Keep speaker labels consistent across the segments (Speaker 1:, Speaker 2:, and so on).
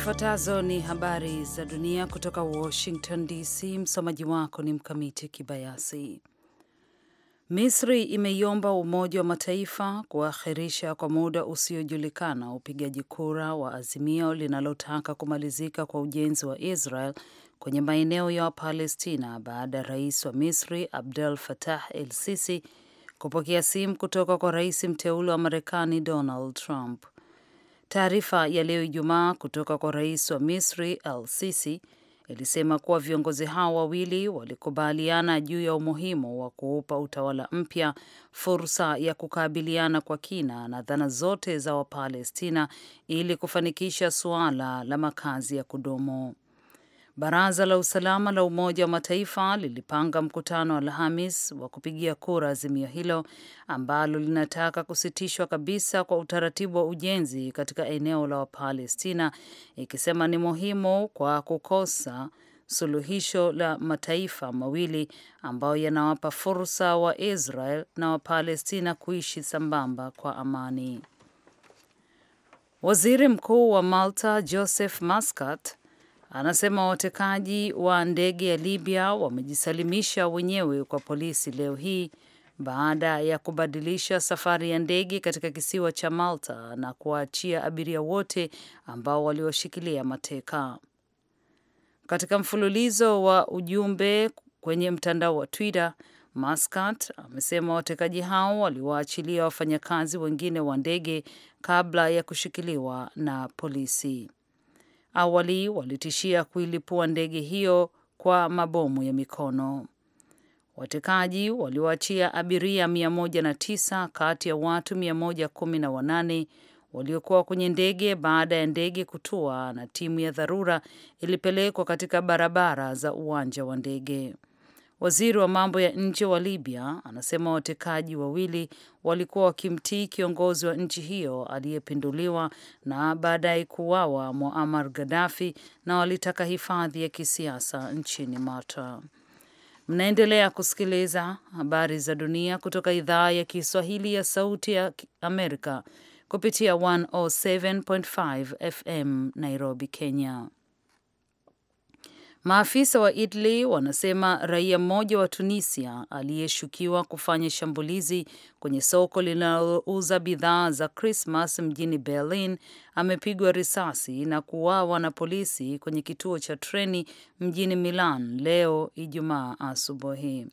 Speaker 1: Zifuatazo ni habari za dunia kutoka Washington DC. Msomaji wako ni Mkamiti Kibayasi. Misri imeiomba Umoja wa Mataifa kuakhirisha kwa muda usiojulikana upigaji kura wa azimio linalotaka kumalizika kwa ujenzi wa Israel kwenye maeneo ya wapalestina baada ya rais wa Misri Abdel Fattah el Sisi kupokea simu kutoka kwa rais mteule wa Marekani Donald Trump. Taarifa ya leo Ijumaa kutoka kwa rais wa Misri Al Sisi ilisema kuwa viongozi hao wawili walikubaliana juu ya umuhimu wa kuupa utawala mpya fursa ya kukabiliana kwa kina na dhana zote za Wapalestina ili kufanikisha suala la makazi ya kudumu. Baraza la usalama la Umoja wa Mataifa lilipanga mkutano Alhamis wa kupigia kura azimio hilo ambalo linataka kusitishwa kabisa kwa utaratibu wa ujenzi katika eneo la Wapalestina, ikisema ni muhimu kwa kukosa suluhisho la mataifa mawili ambayo yanawapa fursa wa Israel na Wapalestina kuishi sambamba kwa amani. Waziri Mkuu wa Malta Joseph Muscat anasema watekaji wa ndege ya Libya wamejisalimisha wenyewe kwa polisi leo hii baada ya kubadilisha safari ya ndege katika kisiwa cha Malta na kuwaachia abiria wote ambao waliwashikilia mateka. Katika mfululizo wa ujumbe kwenye mtandao wa Twitter, Muscat amesema watekaji hao waliwaachilia wafanyakazi wengine wa ndege kabla ya kushikiliwa na polisi. Awali walitishia kuilipua ndege hiyo kwa mabomu ya mikono. Watekaji waliwaachia abiria 109 kati ya watu 118 waliokuwa kwenye ndege baada ya ndege kutua, na timu ya dharura ilipelekwa katika barabara za uwanja wa ndege. Waziri wa mambo ya nje wa Libya anasema watekaji wawili walikuwa wakimtii kiongozi wa nchi hiyo aliyepinduliwa na baadaye kuuawa Muammar Gaddafi na walitaka hifadhi ya kisiasa nchini Malta. Mnaendelea kusikiliza habari za dunia kutoka idhaa ya Kiswahili ya Sauti ya Amerika kupitia 107.5 FM Nairobi, Kenya. Maafisa wa Italy wanasema raia mmoja wa Tunisia aliyeshukiwa kufanya shambulizi kwenye soko linalouza bidhaa za Krismas mjini Berlin amepigwa risasi na kuuawa na polisi kwenye kituo cha treni mjini Milan leo Ijumaa asubuhi.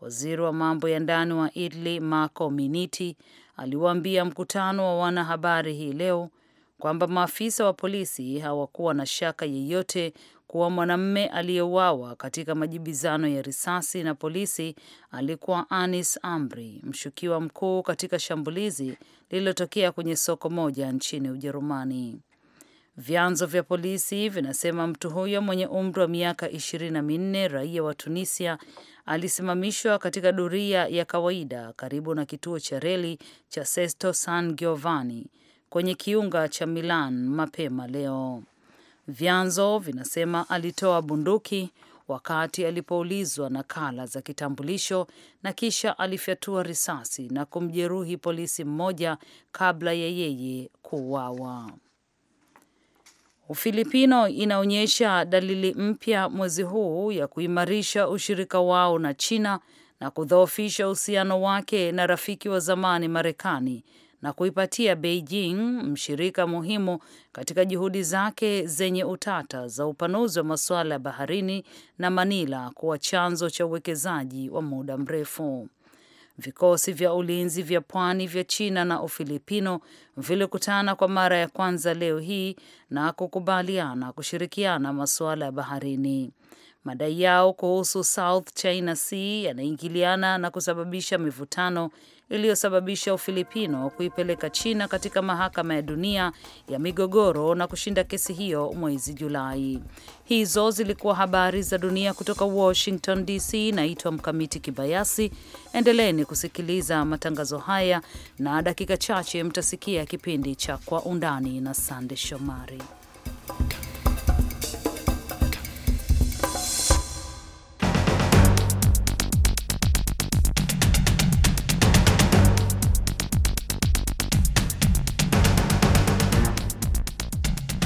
Speaker 1: Waziri wa mambo ya ndani wa Italy Marco Minniti aliwaambia mkutano wa wanahabari hii leo kwamba maafisa wa polisi hawakuwa na shaka yeyote kuwa mwanamme aliyeuawa katika majibizano ya risasi na polisi alikuwa Anis Amri, mshukiwa mkuu katika shambulizi lililotokea kwenye soko moja nchini Ujerumani. Vyanzo vya polisi vinasema mtu huyo mwenye umri wa miaka ishirini na minne, raia wa Tunisia, alisimamishwa katika doria ya kawaida karibu na kituo cha reli cha Sesto San Giovanni kwenye kiunga cha Milan mapema leo. Vyanzo vinasema alitoa bunduki wakati alipoulizwa nakala za kitambulisho na kisha alifyatua risasi na kumjeruhi polisi mmoja kabla ya yeye kuuawa. Ufilipino inaonyesha dalili mpya mwezi huu ya kuimarisha ushirika wao na China na kudhoofisha uhusiano wake na rafiki wa zamani Marekani na kuipatia Beijing, mshirika muhimu katika juhudi zake zenye utata za upanuzi wa masuala ya baharini, na Manila kuwa chanzo cha uwekezaji wa muda mrefu. Vikosi vya ulinzi vya pwani vya China na Ufilipino vilikutana kwa mara ya kwanza leo hii na kukubaliana kushirikiana masuala ya baharini. Madai yao kuhusu South China Sea yanaingiliana na kusababisha mivutano iliyosababisha Ufilipino kuipeleka China katika mahakama ya dunia ya migogoro na kushinda kesi hiyo mwezi Julai. Hizo zilikuwa habari za dunia kutoka Washington DC. Naitwa Mkamiti Kibayasi. Endeleeni kusikiliza matangazo haya, na dakika chache mtasikia kipindi cha Kwa Undani na Sande Shomari.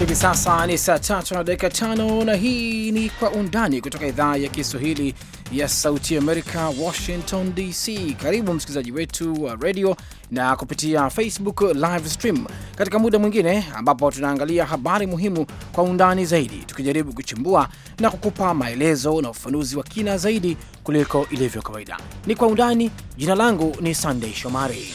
Speaker 2: Hivi sasa ni saa tatu na dakika tano na hii ni Kwa Undani kutoka idhaa ya Kiswahili ya Sauti Amerika, Washington DC. Karibu msikilizaji wetu wa redio na kupitia Facebook live stream katika muda mwingine, ambapo tunaangalia habari muhimu kwa undani zaidi, tukijaribu kuchimbua na kukupa maelezo na ufafanuzi wa kina zaidi kuliko ilivyo kawaida. Ni Kwa Undani. Jina langu ni sandey Shomari.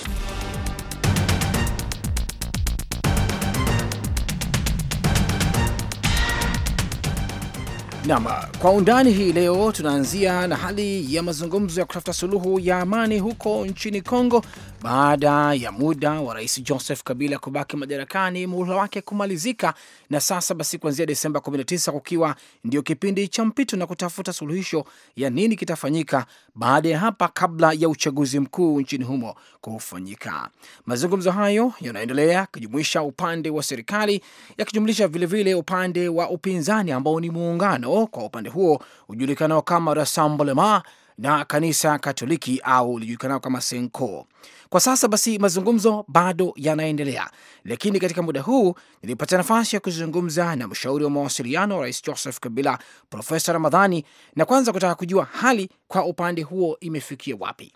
Speaker 2: Nam kwa undani hii leo tunaanzia na hali ya mazungumzo ya kutafuta suluhu ya amani huko nchini Kongo baada ya muda wa rais Joseph Kabila kubaki madarakani muhula wake kumalizika, na sasa basi kuanzia Desemba 19 kukiwa ndio kipindi cha mpito na kutafuta suluhisho ya nini kitafanyika baada ya hapa, kabla ya uchaguzi mkuu nchini humo kufanyika. Mazungumzo hayo yanaendelea kujumuisha upande wa serikali yakijumlisha vilevile upande wa upinzani ambao ni muungano kwa upande huo ujulikanao kama Rassemblement na kanisa Katoliki au lijulikanao kama Senko. Kwa sasa basi mazungumzo bado yanaendelea, lakini katika muda huu nilipata nafasi ya kuzungumza na mshauri wa mawasiliano wa Rais Joseph Kabila, Profesa Ramadhani, na kwanza kutaka kujua hali kwa upande huo imefikia wapi.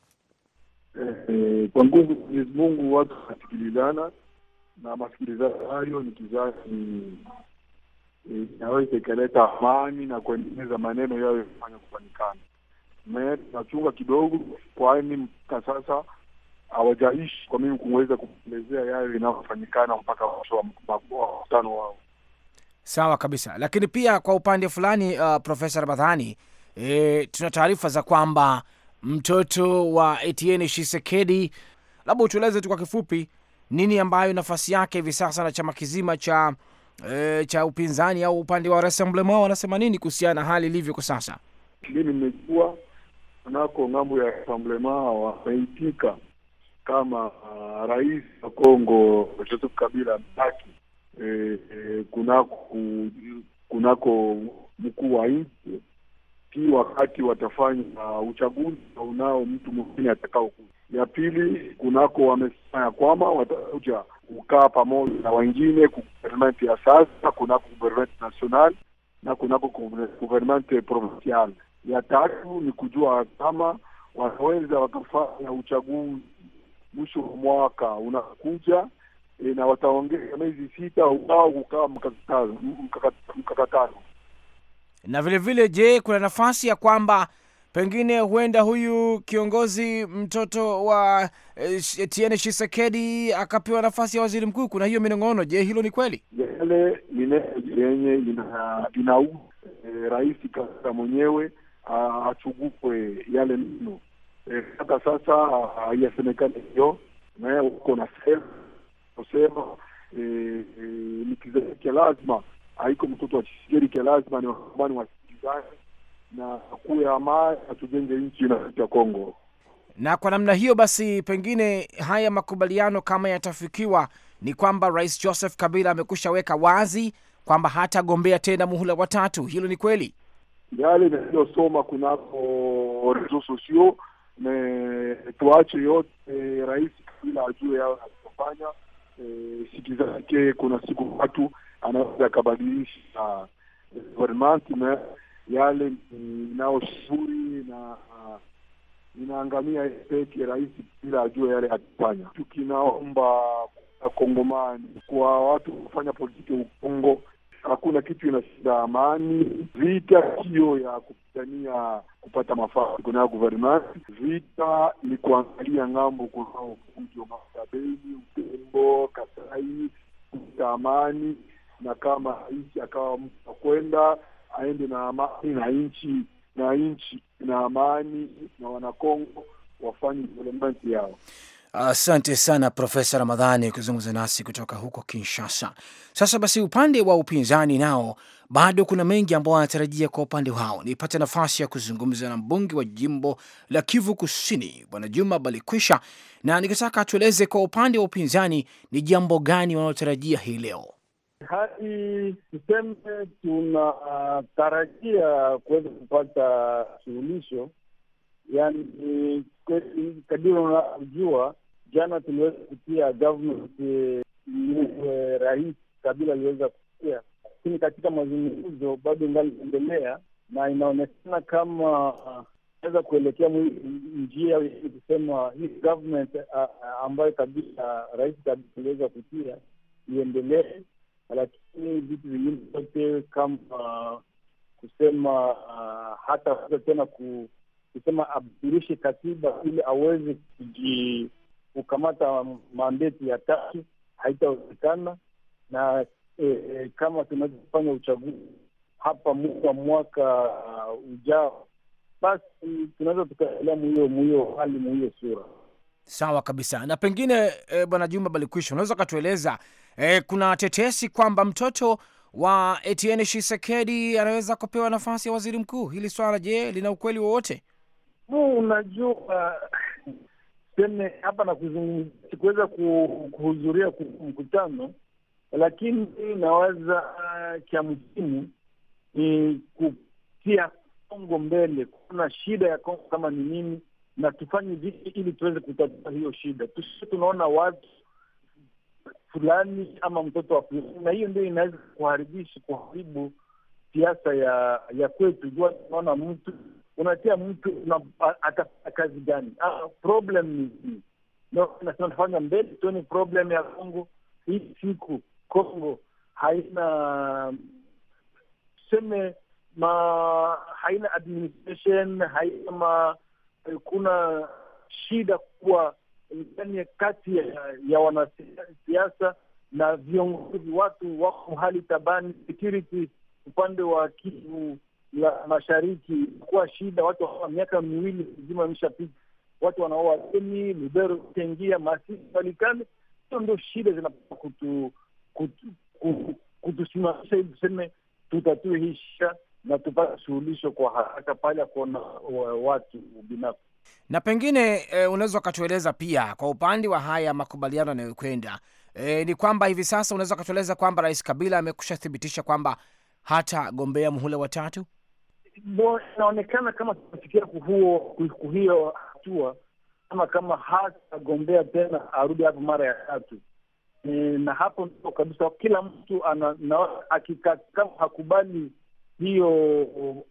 Speaker 3: Eh, kwa nguvu Mwenyezi
Speaker 4: Mungu watu wanasikilizana na masikilizano hayo ni kizazi eh, inaweza ikaleta amani na kuendeleza maneno yayo yafanya kufanikana. Me tunachunga kidogo, kwani mpaka sasa hawajaishi kwa mimi kuweza kuelezea yale inayofanyikana mpaka mwisho wa mkutano wao.
Speaker 2: Sawa kabisa, lakini pia kwa upande fulani uh, Profesa Ramadhani, e, tuna taarifa za kwamba mtoto wa Etienne Tshisekedi, labda utueleze tu kwa kifupi nini ambayo nafasi yake hivi sasa na chama kizima cha e, cha upinzani au upande wa Rassemblement wanasema nini kuhusiana na hali ilivyo kwa sasa?
Speaker 4: Mimi nimejua nako ng'ambo ya Rassemblement wameitika kama uh, rais wa Kongo Joseph Kabila mbaki e, e, kunako kunako mkuu wa nchi pia wakati watafanya uh, uchaguzi unao mtu mwingine atakao. Ya pili kunako wamesema ya kwamba watakuja kukaa pamoja na wengine government ya sasa, kunako government national na kunako government provincial. Ya tatu ni kujua kama wanaweza wakafanya uchaguzi mwisho wa mwaka unakuja e, na wataongeza miezi sita wao kukaa mkakatano mkakata.
Speaker 2: Na vile vile, je, kuna nafasi ya kwamba pengine huenda huyu kiongozi mtoto wa e, Tiene Shisekedi akapewa nafasi ya waziri mkuu? Kuna hiyo minong'ono. Je, hilo ni kweli? Yale ni neno
Speaker 4: yenye ina, inaua e, rais mwenyewe achugukwe yale neno mpaka eh, e, sasa ah, haijasemekana hiyo uko na sema kusema e, eh, e, eh, likizazi lazima haiko mtoto wa chisigeri kia lazima ni wakambani wasikizani na kuwe amani atujenge nchi ya Kongo.
Speaker 2: Na kwa namna hiyo basi, pengine haya makubaliano kama yatafikiwa, ni kwamba Rais Joseph Kabila amekusha weka wazi kwamba hatagombea tena muhula watatu. Hilo ni kweli,
Speaker 4: yale niliyosoma kunako reseaux sociaux me tuache yote e, Rais Kabila ajue yao anayofanya e, siki zake. Kuna siku watu
Speaker 1: anaweza
Speaker 5: akabadilisha
Speaker 4: e, government yale inayoshauri na inaangamia peke. Rais bila ajue yale akifanya. Tukinaomba Kongomani kwa watu kufanya politiki ukongo hakuna kitu inashinda amani. Vita hiyo ya kupigania kupata mafanikio ya government, vita ni kuangalia ng'ambo kujo Mabeni, Utembo, Kasai kuta amani, na kama nchi akawa mtu wa kwenda aende na amani na nchi na nchi na amani na Wanakongo wafanye development yao.
Speaker 2: Asante sana Profesa Ramadhani kuzungumza nasi kutoka huko Kinshasa. Sasa basi, upande wa upinzani nao bado kuna mengi ambao wanatarajia kwa upande wao. Nipate nafasi ya kuzungumza na mbunge wa jimbo la Kivu Kusini, Bwana Juma Balikwisha, na nikitaka atueleze kwa upande wa upinzani ni jambo gani wanaotarajia hii leo.
Speaker 3: Hadi
Speaker 4: tuseme tunatarajia kuweza kupata suluhisho, yani kadiri unavyojua Jana tuliweza kutia government eh, eh, rais Kabila aliweza kutia, lakini katika mazungumzo bado ingaliendelea na inaonekana kama ah, weza kuelekea njia kusema hii government ah, ah, ambayo Kabila rais Kabila aliweza kutia iendelee, lakini vitu vingine vyote kama kusema uh, hata tena kusema abdirishe katiba ili aweze kuji kukamata mandeti ya tatu haitawezekana, na e, e, kama tunavyofanya uchaguzi hapa mwa mwaka uh, ujao, basi tunaweza tukaendelea muhiyo muhiyo hali muhiyo sura
Speaker 2: Sawa kabisa. Na pengine e, Bwana Juma Balikwisha, unaweza ukatueleza e, kuna tetesi kwamba mtoto wa etn shisekedi anaweza kupewa nafasi ya waziri mkuu. Hili swala je, lina ukweli wowote?
Speaker 4: Unajua tuseme hapa na sikuweza kuhudhuria mkutano, lakini naweza cha uh, muhimu ni kutia Kongo mbele, kuna shida ya Kongo kama ni nini, na tufanye vipi ili tuweze kutatua hiyo shida. Tusi tunaona watu fulani ama mtoto wa fulani, na hiyo ndio inaweza kuharibisha kuharibu siasa ya ya kwetu. Jua tunaona mtu unatia mtu atafanya kazi gani? Ah, problem ni hii. No, nasema tufanya mbele ni problem ya Kongo. Hii siku Kongo haina tuseme ma haina administration, haina ma, kuna shida kuwa ndani kati ya, ya wanasiasa na viongozi. Watu wako hali tabani, security upande wa Kivu la mashariki kuwa shida, watu wa miaka miwili mzima imeshapita, watu wanaoa Beni, Lubero, Tengia, Masisi, Walikale. hizo ndio shida zina kutu, kutu, kutu, kutusimamisha ili tuseme tutatue hii shida na tupate suluhisho kwa haraka pale akuona watu binafsi
Speaker 2: na pengine e, unaweza ukatueleza pia kwa upande wa haya makubaliano yanayokwenda e, ni kwamba hivi sasa unaweza ukatueleza kwamba Rais Kabila amekusha thibitisha kwamba hata muhula wa tatu inaonekana kama tunafikia
Speaker 4: huo hiyo hatua kama kama hatagombea tena arudi hapo mara ya tatu e, na hapo ndio kabisa kila mtu ana hakubali hiyo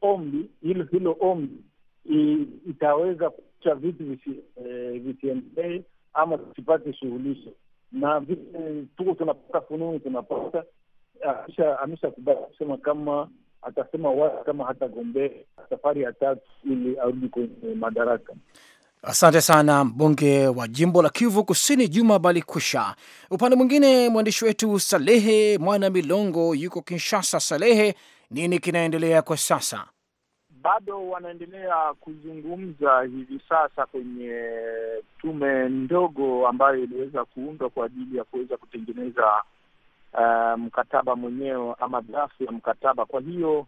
Speaker 4: ombi hilo hilo ombi itaweza kucha vitu e, visiendelee eh, ama tusipate shughulisho na vile tuko tunapata fununu tunapata amesha kubali kusema kama atasema wazi kama hatagombea safari ya tatu ili arudi
Speaker 2: kwenye madaraka. Asante sana mbunge wa jimbo la Kivu Kusini, Juma balikusha Upande mwingine, mwandishi wetu Salehe Mwana Milongo yuko Kinshasa. Salehe, nini kinaendelea kwa sasa?
Speaker 4: Bado wanaendelea kuzungumza hivi sasa kwenye tume ndogo ambayo iliweza kuundwa kwa ajili ya kuweza kutengeneza uh, mkataba mwenyewe ama draft ya mkataba. Kwa hiyo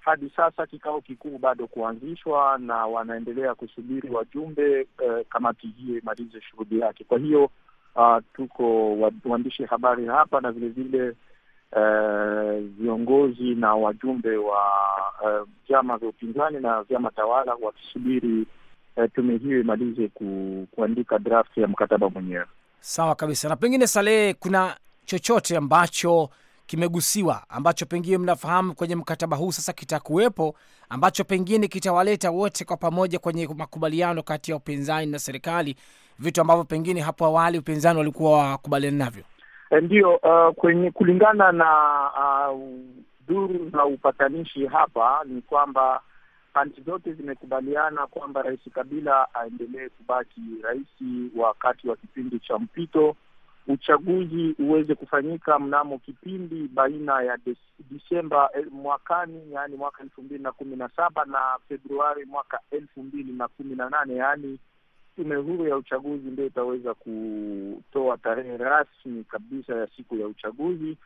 Speaker 4: hadi sasa kikao kikuu bado kuanzishwa na wanaendelea kusubiri wajumbe uh, kamati hiyo imalize shughuli yake. Kwa hiyo uh, tuko waandishi habari hapa na vilevile uh, viongozi na wajumbe wa uh, vyama vya upinzani na vyama tawala wakisubiri uh, tume hiyo imalize ku, kuandika draft ya mkataba mwenyewe.
Speaker 2: Sawa kabisa. Na pengine Salehe, kuna chochote ambacho kimegusiwa ambacho pengine mnafahamu kwenye mkataba huu sasa kitakuwepo, ambacho pengine kitawaleta wote kwa pamoja kwenye makubaliano kati ya upinzani na serikali, vitu ambavyo pengine hapo awali upinzani walikuwa wakubaliana navyo?
Speaker 4: Eh, Ndiyo, uh, kwenye kulingana na uh, duru za upatanishi hapa ni kwamba pande zote zimekubaliana kwamba Rais Kabila aendelee kubaki rais wakati wa kipindi cha mpito uchaguzi uweze kufanyika mnamo kipindi baina ya Disemba eh, mwakani, yaani mwaka elfu mbili na kumi na saba na Februari mwaka elfu mbili na kumi na nane yaani tume huru ya uchaguzi ndio itaweza kutoa tarehe rasmi kabisa ya siku ya uchaguzi,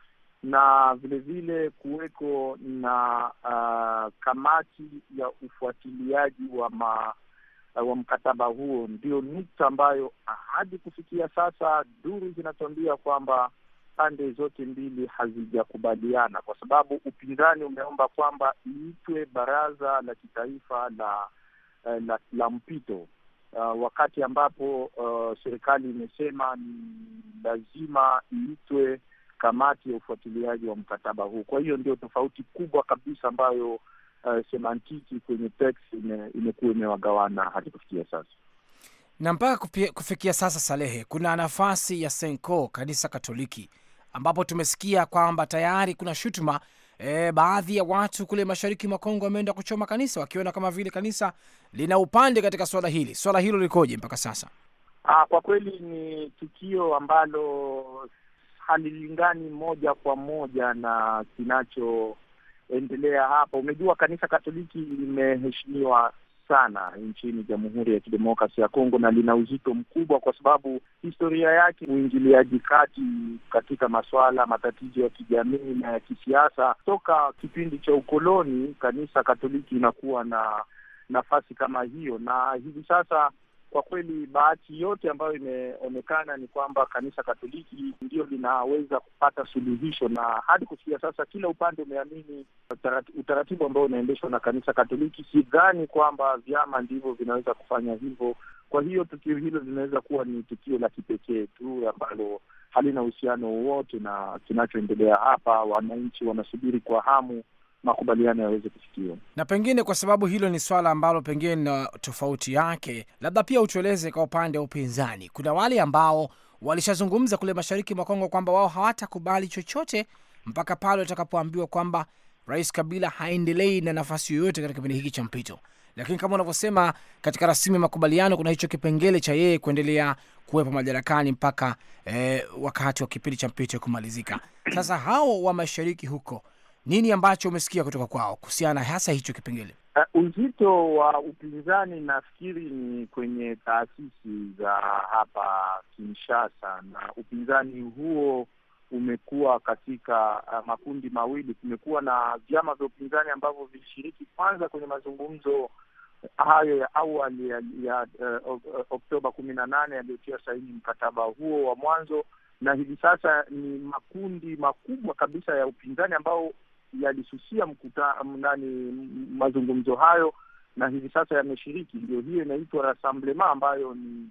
Speaker 4: na vilevile kuweko na uh, kamati ya ufuatiliaji wa ma Uh, wa mkataba huo ndio nukta ambayo hadi kufikia sasa duru zinatuambia kwamba pande zote mbili hazijakubaliana, kwa sababu upinzani umeomba kwamba iitwe baraza la kitaifa la eh, la, la mpito uh, wakati ambapo uh, serikali imesema ni lazima iitwe kamati ya ufuatiliaji wa mkataba huu. Kwa hiyo ndio tofauti kubwa kabisa ambayo uh, semantiki kwenye text imekuwa imewagawana hadi kufikia sasa
Speaker 2: na mpaka kupia, kufikia sasa Salehe, kuna nafasi ya Senko kanisa Katoliki ambapo tumesikia kwamba tayari kuna shutuma e, baadhi ya watu kule mashariki mwa Kongo wameenda kuchoma kanisa wakiona kama vile kanisa lina upande katika swala hili. Swala hilo likoje mpaka sasa?
Speaker 4: Aa, ah, kwa kweli ni tukio ambalo halilingani moja kwa moja na kinacho endelea hapa. Umejua kanisa Katoliki limeheshimiwa sana nchini Jamhuri ya Kidemokrasia ya Kongo na lina uzito mkubwa kwa sababu historia yake, uingiliaji kati katika masuala matatizo ya kijamii na ya kisiasa toka kipindi cha ukoloni. Kanisa Katoliki inakuwa na nafasi kama hiyo, na hivi sasa kwa kweli bahati yote ambayo imeonekana ni kwamba kanisa Katoliki ndio linaweza kupata suluhisho, na hadi kufikia sasa kila upande umeamini utaratibu ambao unaendeshwa na kanisa Katoliki. Sidhani kwamba vyama ndivyo vinaweza kufanya hivyo. Kwa hiyo tukio hilo linaweza kuwa ni tukio la kipekee tu ambalo halina uhusiano wowote na kinachoendelea hapa. Wananchi wanasubiri kwa hamu makubaliano yaweze kufikiwa.
Speaker 2: Na pengine kwa sababu hilo ni swala ambalo pengine na tofauti yake, labda pia utueleze kwa upande wa upinzani, kuna wale ambao walishazungumza kule mashariki mwa Kongo kwamba wao hawatakubali chochote mpaka pale watakapoambiwa kwamba Rais Kabila haendelei na nafasi yoyote katika kipindi hiki cha mpito. Lakini kama unavyosema, katika rasimu ya makubaliano kuna hicho kipengele cha yeye kuendelea kuwepo madarakani mpaka eh, wakati wa kipindi cha mpito kumalizika. Sasa hao wa mashariki huko nini ambacho umesikia kutoka kwao kuhusiana hasa hicho kipengele?
Speaker 4: Uh, uzito wa upinzani nafikiri ni kwenye taasisi za hapa Kinshasa, na upinzani huo umekuwa katika uh, makundi mawili. Kumekuwa na vyama vya upinzani ambavyo vilishiriki kwanza kwenye mazungumzo hayo ya awali ya, ya uh, uh Oktoba kumi na nane yaliyotia saini mkataba huo wa mwanzo, na hivi sasa ni makundi makubwa kabisa ya upinzani ambao yalisusia mkutanani mm, mm, mazungumzo hayo na hivi sasa yameshiriki. Ndio hiyo inaitwa rassemblement ambayo ni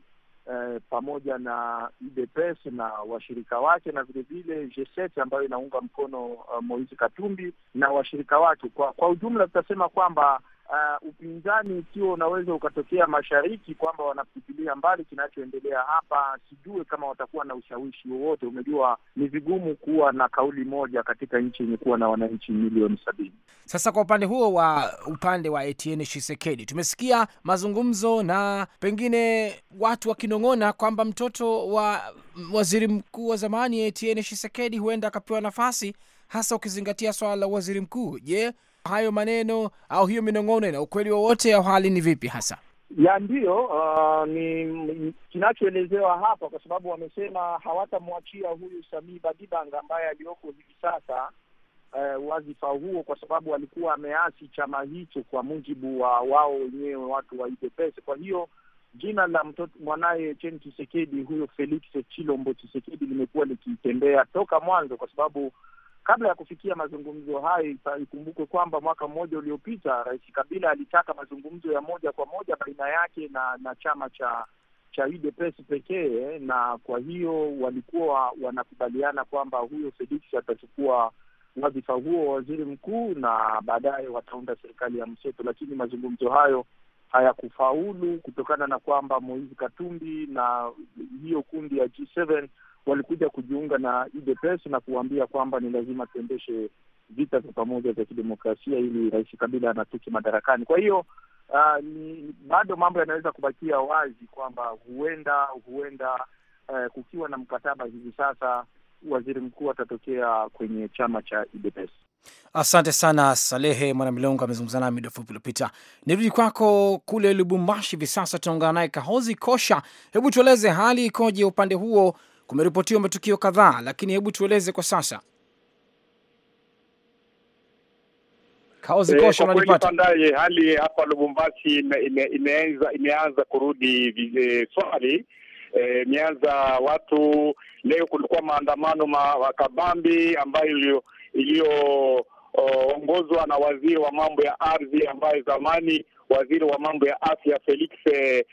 Speaker 4: eh, pamoja na UDPS na washirika wake na vilevile g ambayo inaunga mkono uh, Moise Katumbi na washirika wake. Kwa, kwa ujumla tutasema kwamba uh, upinzani ukiwa unaweza ukatokea mashariki kwamba wanafikilia mbali kinachoendelea hapa, sijue kama watakuwa na ushawishi wowote. Umejua ni vigumu kuwa na kauli moja katika nchi yenye kuwa na wananchi
Speaker 2: milioni sabini. Sasa kwa upande huo wa upande wa Etienne Tshisekedi tumesikia mazungumzo na pengine watu wakinong'ona kwamba mtoto wa waziri mkuu wa zamani Etienne Tshisekedi huenda akapewa nafasi, hasa ukizingatia swala la waziri mkuu. Je, hayo maneno au hiyo minong'ono ina ukweli wowote au hali ni vipi hasa?
Speaker 4: ya ndiyo, uh, ni kinachoelezewa hapa, kwa sababu wamesema hawatamwachia huyu Samii Badibanga ambaye aliyoko hivi sasa uh, wazifa huo, kwa sababu alikuwa ameasi chama hicho, kwa mujibu wa wao wenyewe watu wa Kwa hiyo jina la mtoto mwanaye chen chisekedi huyo Felix chilombo chisekedi limekuwa likitembea toka mwanzo, kwa sababu Kabla ya kufikia mazungumzo hayo, ikumbukwe kwamba mwaka mmoja uliopita Rais Kabila alitaka mazungumzo ya moja kwa moja baina yake na na chama cha cha UDPS pekee, na kwa hiyo walikuwa wanakubaliana kwamba huyo Felix atachukua wadhifa huo wa waziri mkuu na baadaye wataunda serikali ya mseto, lakini mazungumzo hayo hayakufaulu kutokana na kwamba Moise Katumbi na hiyo kundi ya G7 walikuja kujiunga na UDPS na kuwaambia kwamba ni lazima tuendeshe vita vya pamoja vya kidemokrasia ili Rais Kabila anatuki madarakani. Kwa hiyo uh, ni bado mambo yanaweza kubakia wazi kwamba huenda huenda uh, kukiwa na mkataba hivi sasa waziri mkuu atatokea kwenye chama cha UDPS.
Speaker 2: Asante sana Salehe Mwanamilongo, amezungumza nami muda fupi uliopita. Nirudi kwako kule Lubumbashi hivi sasa, tunaungana naye Kahozi Kosha. Hebu tueleze hali ikoje upande huo kumeripotiwa matukio kadhaa, lakini hebu tueleze kwa sasa. E,
Speaker 3: hali hapa Lubumbashi imeanza ime kurudi e, swali eh, imeanza e, watu. Leo kulikuwa maandamano ma kabambi ambayo iliyoongozwa na waziri wa mambo ya ardhi ambaye zamani waziri wa mambo ya afya Felix eh,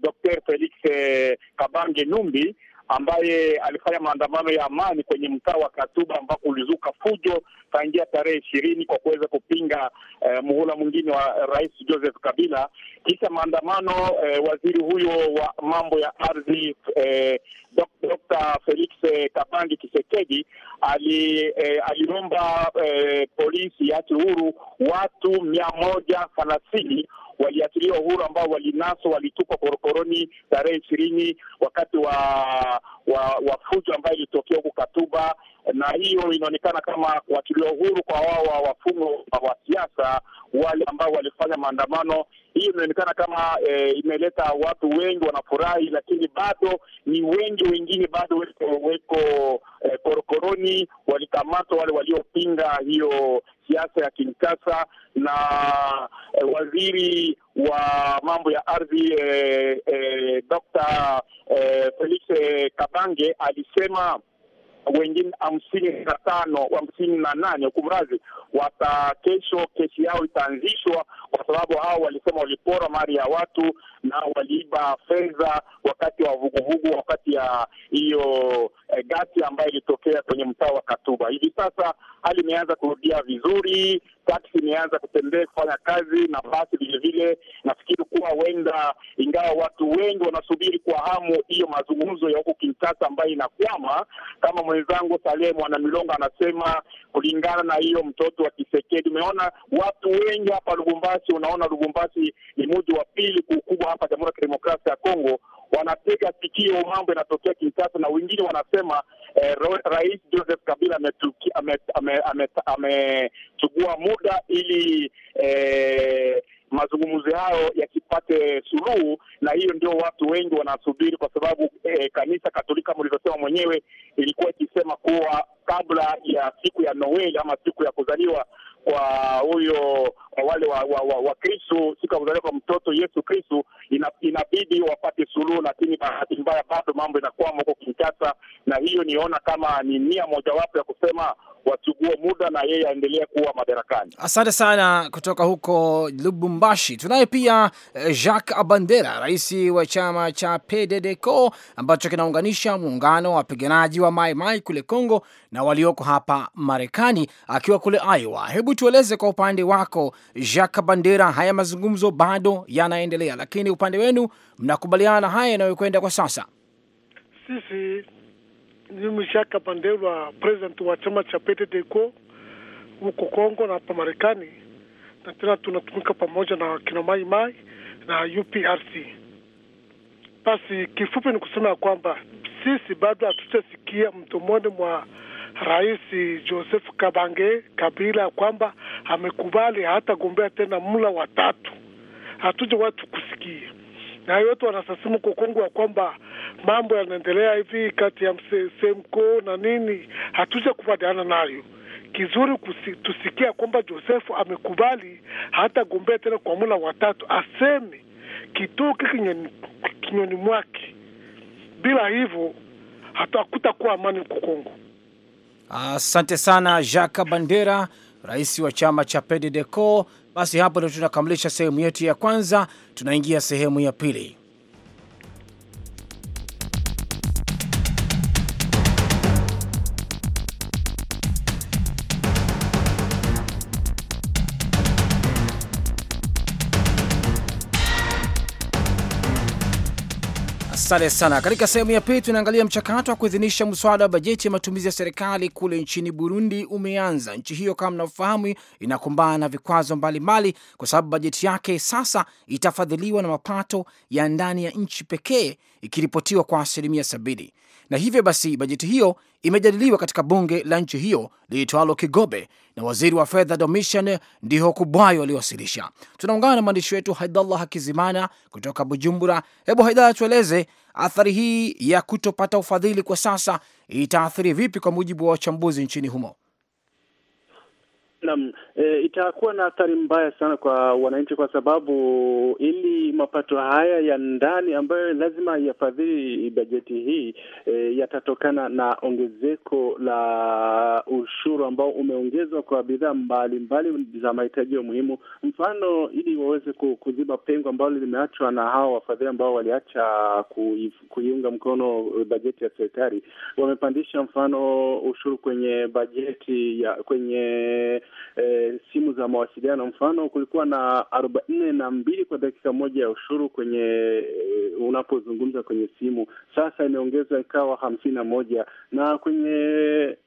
Speaker 3: Dr. Felix eh, Kabange Numbi ambaye alifanya maandamano ya amani kwenye mtaa wa Katuba ambapo ulizuka fujo tangia tarehe ishirini kwa kuweza kupinga eh, muhula mwingine wa Rais Joseph Kabila. Kisha maandamano eh, waziri huyo wa mambo ya ardhi eh, Dr. Felix eh, Kabangi Kisekedi ali, eh, aliomba eh, polisi yake huru watu mia moja thelathini waliachiliwa uhuru ambao walinaswa, walitupwa korokoroni tarehe ishirini wakati wa wa, wa fujo ambayo ilitokea huku Katuba, na hiyo inaonekana kama kuachilia uhuru kwa wao wafungwa wa siasa wale ambao walifanya maandamano. Hiyo inaonekana kama e, imeleta watu wengi wanafurahi, lakini bado ni wengi wengine bado weko, weko e, korokoroni, walikamatwa wale waliopinga hiyo kisiasa ya Kinshasa na eh, waziri wa mambo ya ardhi eh, eh, Dr. eh, Felix Kabange alisema wengine hamsini na tano hamsini na nane kumradhi wata kesho, kesi yao itaanzishwa kwa sababu hao walisema walipora mali ya watu na waliiba fedha wakati wa vuguvugu, wakati ya hiyo e, eh, gati ambayo ilitokea kwenye mtaa wa Katuba. Hivi sasa hali imeanza kurudia vizuri taksi imeanza kutembea kufanya kazi na basi vilevile. Nafikiri kuwa huenda, ingawa watu wengi wanasubiri kwa hamu hiyo mazungumzo ya huko Kinshasa ambayo inakwama, kama mwenzangu salehe mwanamilongo anasema, kulingana na hiyo mtoto wa Kisekedi, umeona watu wengi hapa Lubumbashi. Unaona, Lubumbashi ni mji wa pili kwa ukubwa hapa Jamhuri ya Kidemokrasia ya Kongo wanatega sikio mambo yanatokea Kinshasa, na wengine wanasema eh, Rais Joseph Kabila ametugua muda ili eh, mazungumzo hayo yakipate suluhu, na hiyo ndio watu wengi wanasubiri, kwa sababu eh, kanisa Katolika mlivyosema mwenyewe ilikuwa ikisema kuwa kabla ya siku ya Noel ama siku ya kuzaliwa kwa huyo kwa wale wa, wa, wa, wa Kristu, siku ya kuzaliwa kwa mtoto Yesu Kristu, ina, inabidi wapate suluhu, lakini bahati mbaya bado mambo inakwama huko Kinshasa, na hiyo niona kama ni nia mojawapo ya kusema wachukue muda na yeye aendelee kuwa madarakani.
Speaker 2: Asante sana kutoka huko Lubumbashi. Tunaye pia eh, Jacques Abandera, rais wa chama cha PDDCO ambacho kinaunganisha muungano wa wapiganaji wa Mai Mai kule congo na walioko hapa Marekani, akiwa kule Iowa. Hebu tueleze kwa upande wako Jacques Abandera, haya mazungumzo bado yanaendelea, lakini upande wenu mnakubaliana na haya yanayokwenda kwa sasa?
Speaker 3: Sisi mimi Ishaka Bandelwa, president wa chama cha PDDCO huko Kongo na hapa Marekani, na tena tunatumika pamoja na kina Mai Mai na UPRC. Basi kifupi ni kusema ya kwamba sisi bado hatutasikia mdomoni mwa Rais Joseph Kabange Kabila ya kwamba amekubali gombea tena mula wa tatu hatuja watu kusikia na yote wanasasimu kwa Kongo ya kwamba mambo yanaendelea hivi kati ya msemko na nini, hatuja kupatiana nayo kizuri kusi, tusikia kwamba Josefu amekubali hata gombea tena kwa mula watatu, aseme kitoke kinyoni, kinyoni mwake. Bila hivyo hatakutakuwa amani huko Kongo.
Speaker 2: Asante sana Jacques Bandera, rais wa chama cha PDDCO basi hapo ndio tunakamilisha sehemu yetu ya kwanza, tunaingia sehemu ya pili. Asante sana. Katika sehemu ya pili, tunaangalia mchakato wa kuidhinisha mswada wa bajeti ya matumizi ya serikali kule nchini Burundi umeanza. Nchi hiyo kama mnavyofahamu, inakumbana na vikwazo mbalimbali kwa sababu bajeti yake sasa itafadhiliwa na mapato ya ndani ya nchi pekee, ikiripotiwa kwa asilimia sabini na hivyo basi bajeti hiyo imejadiliwa katika bunge la nchi hiyo liitwalo Kigobe, na waziri wa fedha Domitian Ndiho Kubwayo aliyowasilisha. Tunaungana na mwandishi wetu Haidallah Hakizimana kutoka Bujumbura. Hebu Haidallah, tueleze athari hii ya kutopata ufadhili kwa sasa itaathiri vipi kwa mujibu wa wachambuzi nchini humo?
Speaker 5: Naam, e, itakuwa na athari mbaya sana kwa wananchi, kwa sababu ili mapato haya ya ndani ambayo lazima yafadhili bajeti hii e, yatatokana na ongezeko la ushuru ambao umeongezwa kwa bidhaa mbalimbali za mahitaji ya muhimu, mfano ili waweze kuziba pengo ambalo limeachwa na hawa wafadhili ambao waliacha kuiunga mkono bajeti ya serikali. Wamepandisha mfano ushuru kwenye bajeti ya kwenye e, simu za mawasiliano. Mfano, kulikuwa na arobaini na mbili kwa dakika moja ya ushuru kwenye e, unapozungumza kwenye simu. Sasa imeongezwa ikawa hamsini na moja na kwenye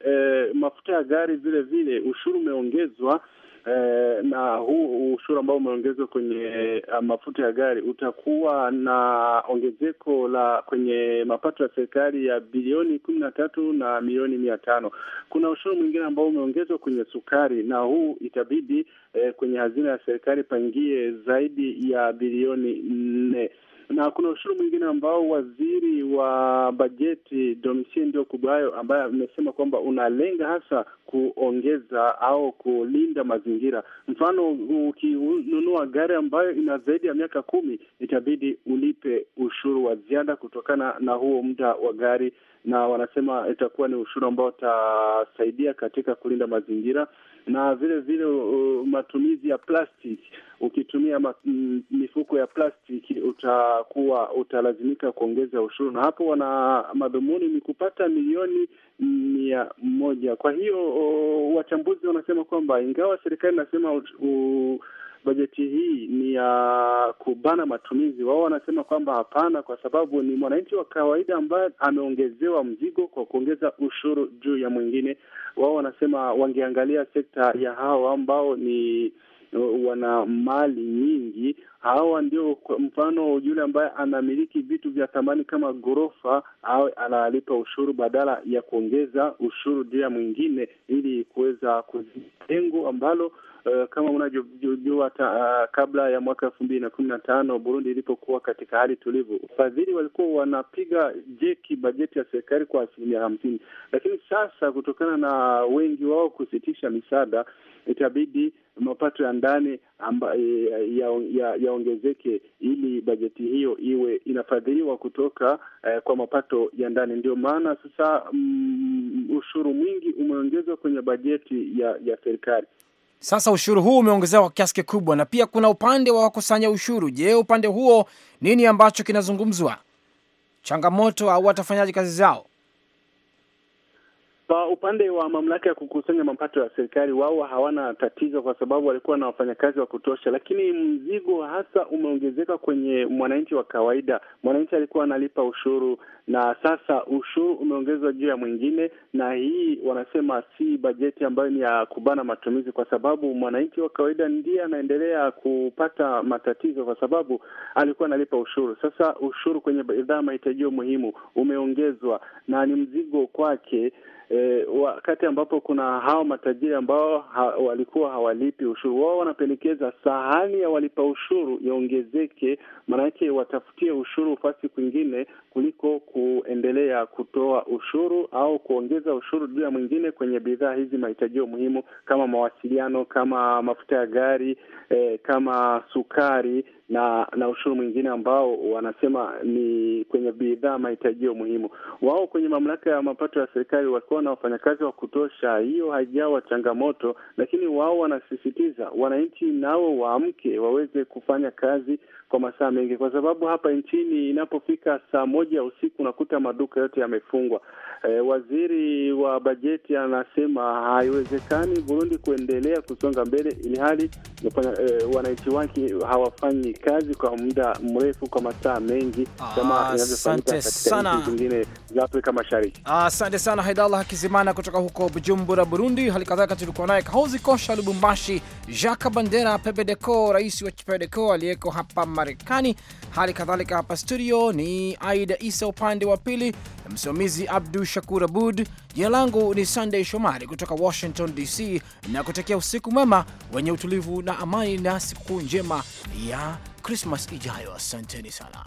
Speaker 5: e, mafuta ya gari vile vile ushuru umeongezwa Eh, na huu ushuru ambao umeongezwa kwenye eh, mafuta ya gari utakuwa na ongezeko la kwenye mapato ya serikali ya bilioni kumi na tatu na milioni mia tano. Kuna ushuru mwingine ambao umeongezwa kwenye sukari, na huu itabidi eh, kwenye hazina ya serikali pangie zaidi ya bilioni nne na kuna ushuru mwingine ambao waziri wa bajeti Domitien Kubayo ambaye amesema kwamba unalenga hasa kuongeza au kulinda mazingira. Mfano, ukinunua gari ambayo ina zaidi ya miaka kumi itabidi ulipe ushuru wa ziada kutokana na huo muda wa gari, na wanasema itakuwa ni ushuru ambao utasaidia katika kulinda mazingira na vile vile uh, matumizi ya plastic. Ukitumia mm, mifuko ya plastiki utakuwa utalazimika kuongeza ushuru, na hapo wana madhumuni ni kupata milioni mia moja. Kwa hiyo uh, wachambuzi wanasema kwamba ingawa serikali inasema uh, uh, bajeti hii ni ya kubana matumizi. Wao wanasema kwamba hapana, kwa sababu ni mwananchi wa kawaida ambaye ameongezewa mzigo kwa kuongeza ushuru juu ya mwingine. Wao wanasema wangeangalia sekta ya hao ambao ni wana mali nyingi. Hawa ndio kwa mfano, yule ambaye anamiliki vitu vya thamani kama ghorofa, awe analipa ushuru badala ya kuongeza ushuru juu ya mwingine, ili kuweza kuzilengo ambalo Uh, kama unavyojua uh, eh, kabla ya mwaka elfu mbili na kumi na tano Burundi ilipokuwa katika hali tulivu, ufadhili walikuwa wanapiga jeki bajeti ya serikali kwa asilimia hamsini, lakini sasa kutokana na wengi wao kusitisha misaada, itabidi mapato ya ndani yaongezeke eh, ya, ya ili bajeti hiyo iwe inafadhiliwa kutoka eh, kwa mapato ya ndani. Ndio maana sasa
Speaker 2: mm, ushuru mwingi umeongezwa kwenye bajeti ya, ya serikali. Sasa ushuru huu umeongezewa kwa kiasi kikubwa, na pia kuna upande wa wakusanya ushuru. Je, upande huo nini ambacho kinazungumzwa? Changamoto au watafanyaji kazi zao?
Speaker 5: Kwa upande wa mamlaka ya kukusanya mapato ya serikali, wao hawana tatizo, kwa sababu walikuwa na wafanyakazi wa kutosha, lakini mzigo hasa umeongezeka kwenye mwananchi wa kawaida. Mwananchi alikuwa analipa ushuru na sasa ushuru umeongezwa juu ya mwingine, na hii wanasema si bajeti ambayo ni ya kubana matumizi, kwa sababu mwananchi wa kawaida ndiye anaendelea kupata matatizo, kwa sababu alikuwa analipa ushuru. Sasa ushuru kwenye bidhaa mahitajio muhimu umeongezwa na ni mzigo kwake e, wakati ambapo kuna hao matajiri ambao ha, walikuwa hawalipi ushuru wao, wanapendekeza sahani ya walipa ushuru iongezeke, maanake watafutie ushuru fasi kwingine kuliko kuendelea kutoa ushuru au kuongeza ushuru juu ya mwingine kwenye bidhaa hizi mahitajio muhimu kama mawasiliano, kama mafuta ya gari e, kama sukari na na ushuru mwingine ambao wanasema ni kwenye bidhaa mahitajio muhimu. Wao kwenye mamlaka ya mapato ya serikali walikuwa kuwa na wafanyakazi wa kutosha, hiyo haijawa changamoto, lakini wao wanasisitiza wananchi nao waamke waweze kufanya kazi kwa masaa mengi, kwa sababu hapa nchini inapofika saa moja ya usiku unakuta maduka yote yamefungwa. E, waziri wa bajeti anasema haiwezekani Burundi kuendelea kusonga mbele ili hali e, wananchi wake hawafanyi kazi kwa muda mrefu kwa masaa mengi kama ah, inavyofanyika katika nchi zingine za Afrika Mashariki.
Speaker 2: Ah, asante sana Haidallah. Hakizimana kutoka huko Bujumbura, Burundi. Hali kadhalika tulikuwa naye Kahozi Kosha Lubumbashi, Jaka Bandera Pepedeco, rais wa Pepedeco aliyeko hapa Marekani. Hali kadhalika hapa studio ni Aida Isa upande wa pili, msimamizi Abdu Shakur Abud. Jina langu ni Sunday Shomari kutoka Washington DC na kutakia usiku mwema wenye utulivu na amani na sikukuu njema ya Krismas ijayo. Asanteni sana.